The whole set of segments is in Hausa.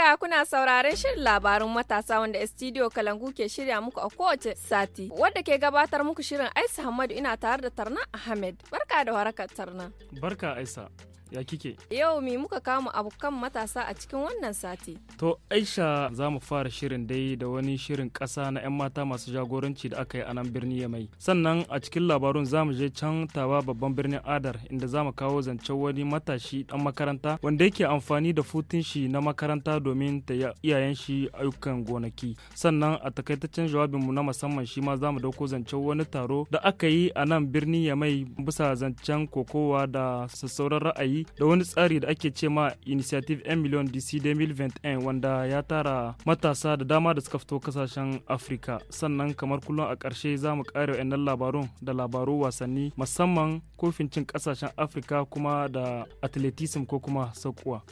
haka kuna sauraren shirin labarin matasa wanda studio Kalangu ke shirya muku a kowace sati. Wadda ke gabatar muku shirin aisa Hamadu ina tare da Tarna Ahmed. Barka da warakar Tarna. Barka aisa. ya kike yau mi muka kama abokan matasa a cikin wannan sati to aisha za mu fara shirin dai da wani shirin kasa na 'yan mata masu jagoranci da aka yi a nan birni ya mai sannan a cikin labarun za mu je can tawa babban birnin adar inda za mu kawo zancen wani matashi dan makaranta wanda yake amfani da futun shi na makaranta domin ta iyayen shi ayyukan gonaki sannan a takaitaccen jawabin mu na musamman shi ma za mu dauko zancen wani taro da aka yi a nan birni ya mai bisa zancen kokowa da sassauran ra'ayi da wani tsari da ake ce ma initiative 'yan million dc 2021 wanda ya tara matasa da dama da suka fito kasashen afirka sannan kamar kullum a ƙarshe za mu ƙara wa'annan labarun da labaru wasanni musamman kofin cin kasashen afirka kuma da athleticism ko kuma sakuwa.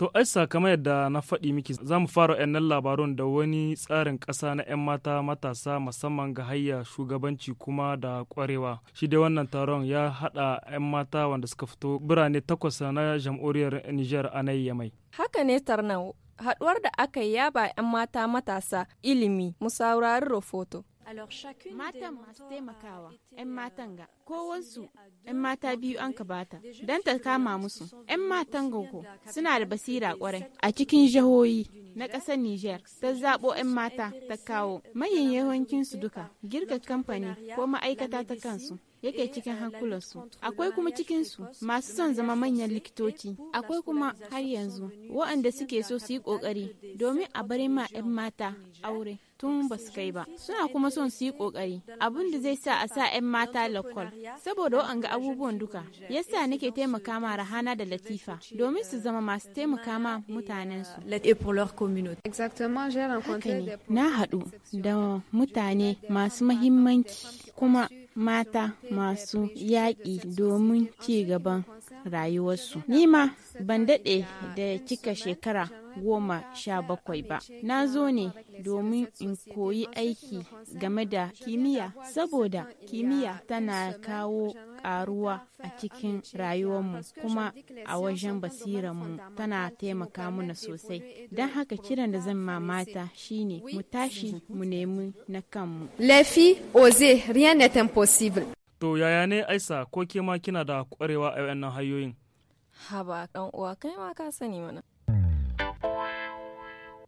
To ai kamar yadda na faɗi miki za mu fara 'yan labarun da wani tsarin ƙasa na 'yan mata matasa musamman ga hayya shugabanci kuma da ƙwarewa. Shi dai wannan taron ya haɗa 'yan mata wanda suka fito birane takwas na jam'uriyar Nijar a nan Yamai. Haka ne Tarnau, haɗuwar da aka yi ya ba 'yan mata matasa ilimi, mu saurari rahoto. matan masu taimakawa 'yan matan ga kowansu 'yan mata biyu an ka bata don ta kama musu 'yan matan gogo suna da basira kwarai a cikin jihohi na ƙasar niger ta zaɓo 'yan mata ta kawo Manyan mayan su duka girka kamfani ko ma'aikata ta kansu yake cikin hankulansu akwai kuma cikinsu masu son zama manyan likitoci akwai kuma har yanzu waɗanda suke so su yi ƙoƙari domin a bari ma 'yan mata aure tun ba su kai ba suna kuma son su yi ƙoƙari abin da zai sa a sa 'yan mata lakwal saboda waɗanga abubuwan duka yasa nake taimaka ma rahana da latifa domin su zama masu taimaka ma mutanensu na haɗu da mutane masu mahimmanci kuma mata masu yaƙi domin ci gaban rayuwarsu. Nima ban daɗe da cika shekara goma sha bakwai ba. Na zo ne domin in koyi aiki game da kimiyya saboda kimiyya tana kawo karuwa a cikin rayuwarmu kuma a wajen basiranmu tana taimaka mana sosai don haka kiran da zan mamata shine mu tashi mu nemi na kanmu lafi oze rien n'est impossible to yaya ne aisa ko ke kina da kwarewa a wayannan hanyoyin haba kan uwa kai ma ka sani mana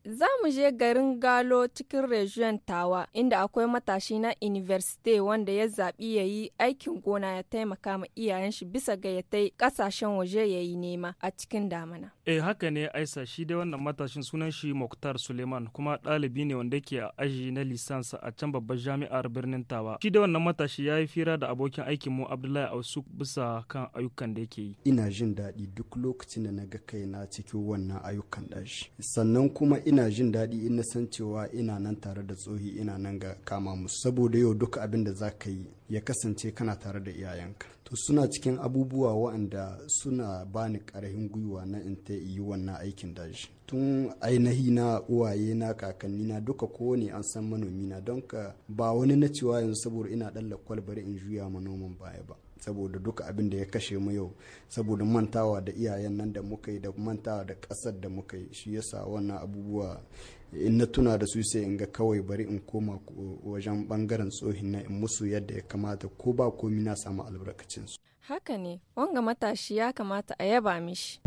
Za mu je garin Galo cikin Region Tawa, inda akwai matashi na University wanda ya zaɓi ya yi aikin gona ya taimaka ma iyayen shi bisa ga ya tai ƙasashen waje ya yi nema a cikin damana. Eh haka ne Aisa shi dai wannan matashin sunan shi Muktar Suleiman kuma ɗalibi ne wanda ke a aji na lisansa a can babbar jami'ar birnin Tawa. Shi dai wannan matashi ya yi fira da abokin aikin mu Abdullahi Ausu bisa kan ayyukan da yake yi. Ina jin daɗi duk lokacin da na ga na cikin wannan ayyukan ɗashi. Sannan kuma ina jin daɗi in na san cewa ina nan tare da tsohi ina nan ga kama musu saboda yau duka abin da za ka yi ya kasance kana tare da iyayenka to suna cikin abubuwa waɗanda suna ba ni ƙarfin gwiwa na in ta yi wannan aikin daji tun ainihi na uwaye na kakanni na duka kowane an san manomi na don ka ba wani na cewa yanzu saboda ina ɗan lakwal bari in juya ma noman baya ba saboda duka abin da ya kashe mu yau saboda mantawa da iyayen nan da muka yi da mantawa da ƙasar da muka yi shi yasa wannan abubuwa in na tuna da su sai in ga kawai bari in koma wajen bangaren tsohin na in musu yadda ya kamata ko ba komi na samu albarkacin su haka ne wanga matashi ya kamata a yaba mishi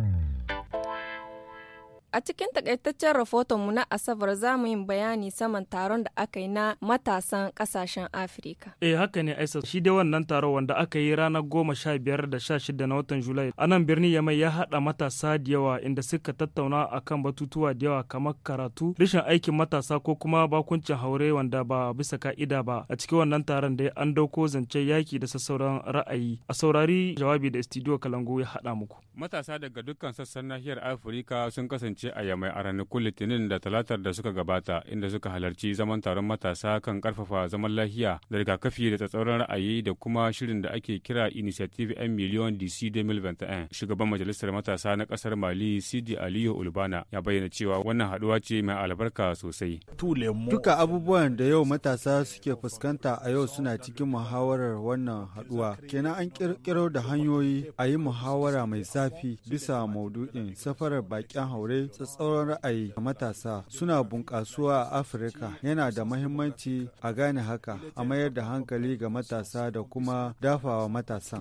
A cikin takaitaccen mu na Asabar za mu yin bayani saman taron da aka yi na matasan kasashen Afirka. Eh haka ne Aisa shi dai wannan taro wanda aka yi ranar goma sha biyar da sha shida na watan Julai. A nan ya mai ya haɗa matasa da yawa inda suka tattauna akan batutuwa da yawa kamar karatu, rashin aikin matasa ko kuma bakuncin haure wanda ba bisa ka'ida ba. A cikin wannan taron dai an dauko zance yaki da sassauran ra'ayi. A saurari jawabi da studio kalangu ya haɗa muku. Matasa daga dukkan sassan nahiyar Afirka sun kasance kasance a Yamai a ranakun Litinin da Talatar da suka gabata inda suka halarci zaman taron matasa kan karfafa zaman lafiya da rigakafi da tsatsauran ra'ayi da kuma shirin da ake kira Initiative 'yan miliyon DC 2021. Shugaban Majalisar Matasa na kasar Mali Sidi Aliyu Ulbana ya bayyana cewa wannan haduwa ce mai albarka sosai. Duka abubuwan da yau matasa suke fuskanta a yau suna cikin muhawarar wannan haduwa. Kenan an kirkiro da hanyoyi a yi muhawara mai zafi bisa maudu'in safarar bakin haure tsatsauran ra'ayi a matasa suna bunƙasuwa a Afirka yana da mahimmanci a gane haka a mayar da hankali ga matasa da kuma dafawa matasa.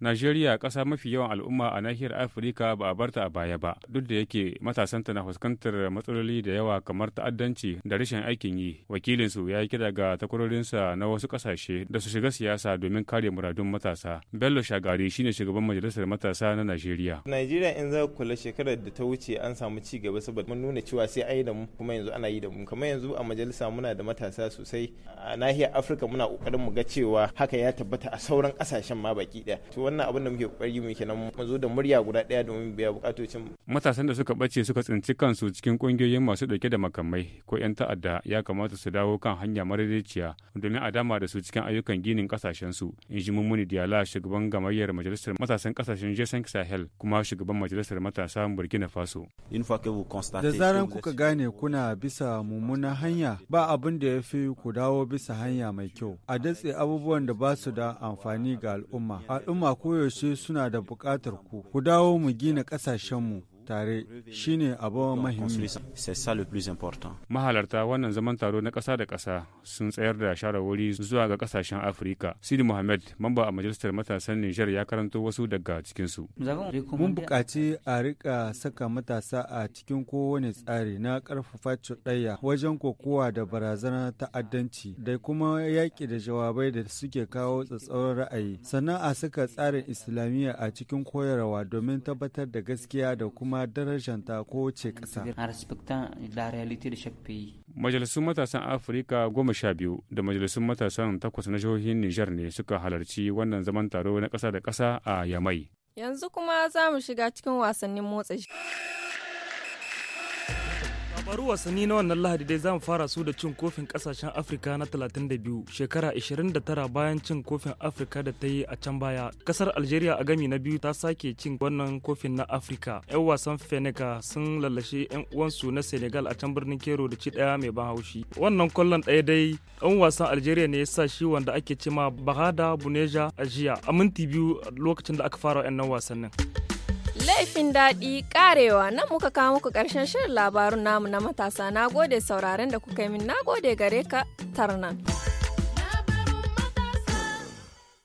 Najeriya ƙasa mafi yawan al'umma a nahiyar Afirka ba a barta a baya ba duk da yake matasan na fuskantar matsaloli da yawa kamar ta'addanci da rashin aikin yi wakilin su ya yi kira ga takwarorinsa na wasu ƙasashe da su shiga siyasa domin kare muradun matasa. Bello Shagari shine shugaban majalisar matasa na Najeriya. Najeriya in za shekarar da ta wuce an samu ci gaba saboda mun nuna cewa sai an yi da mu kuma yanzu ana yi da mu kamar yanzu a majalisa muna da matasa sosai a nahiyar afirka muna kokarin mu ga cewa haka ya tabbata a sauran kasashen ma baki daya to wannan abin da muke kokari mu kenan mu zo da murya guda daya domin biya bukatocin matasan da suka bace suka tsinci kansu cikin kungiyoyin masu dauke da makamai ko yan ta'adda ya kamata su dawo kan hanya madaidaiciya domin a dama da su cikin ayyukan ginin kasashen su in ji mummuni diyala shugaban gamayyar majalisar matasan kasashen jason sahel kuma shugaban majalisar matasa samun burkina faso da zaran kuka gane kuna bisa mummunan hanya ba abin da ya fi ku dawo bisa hanya mai kyau a datse abubuwan da ba su da amfani ga al'umma al'umma koyaushe suna da buƙatar ku ku dawo mu gina ƙasashenmu tare shine abu mahimmi. Mahalarta wannan zaman taro na kasa da kasa sun tsayar da wuri zuwa ga kasashen Afirka. Sidi Mohammed, mamba a majalisar matasan Nijar ya karanto wasu daga cikinsu. Mun buƙaci a rika saka matasa a cikin kowane tsari na karfafa cuɗayya wajen kokowa da barazana ta'addanci da kuma yaƙi da jawabai da suke kawo tsatsauran ra'ayi. Sannan a saka tsarin Islamiyya a cikin koyarwa domin tabbatar da gaskiya da kuma kuma darajanta ce ƙasa. Majalisun matasan Afirka goma sha biyu da majalisun matasan takwas na jihohin Nijar ne suka halarci wannan zaman taro na kasa da kasa a Yamai. Yanzu kuma za mu shiga cikin wasannin motsa jiki. Baru wasanni na wannan lahadi dai zamu fara su da cin kofin kasashen afirka na 32 shekara 29 bayan cin kofin afirka da ta yi a can baya kasar algeria a gami na biyu ta sake cin wannan kofin na afirka yan wasan feneka sun lallashe yan uwansu na senegal a can birnin kero da ci daya mai ban haushi wannan kwallon ɗaya dai yan wasan algeria ne ya sa shi wanda ake cima bahada buneja a jiya a minti biyu lokacin da aka fara yan wasannin. Laifin daɗi karewa nan muka kawo muku ƙarshen shirin labarun namu na matasa na gode sauraren da kuka yi min na gode gare ka tarnan.